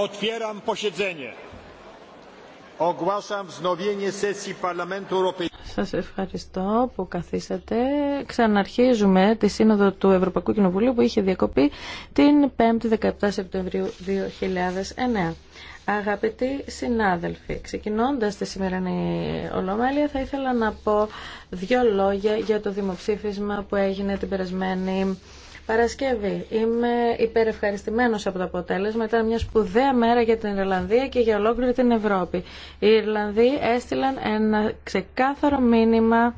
Otwieram posiedzenie. Ogłaszam wznowienie sesji Parlamentu Europejskiego. Σας ευχαριστώ που καθίσατε. Ξαναρχίζουμε τη Σύνοδο του Ευρωπαϊκού Κοινοβουλίου που είχε διακοπεί την 5η 17 Σεπτεμβρίου 2009. Αγαπητοί συνάδελφοι, ξεκινώντας τη σημερινή ολομέλεια θα ήθελα να πω δύο λόγια για το δημοψήφισμα που έγινε την περασμένη Παρασκευή. Είμαι υπερευχαριστημένος από το αποτέλεσμα. Ήταν μια σπουδαία μέρα για την Ιρλανδία και για ολόκληρη την Ευρώπη. Οι Ιρλανδοί έστειλαν ένα ξεκάθαρο μήνυμα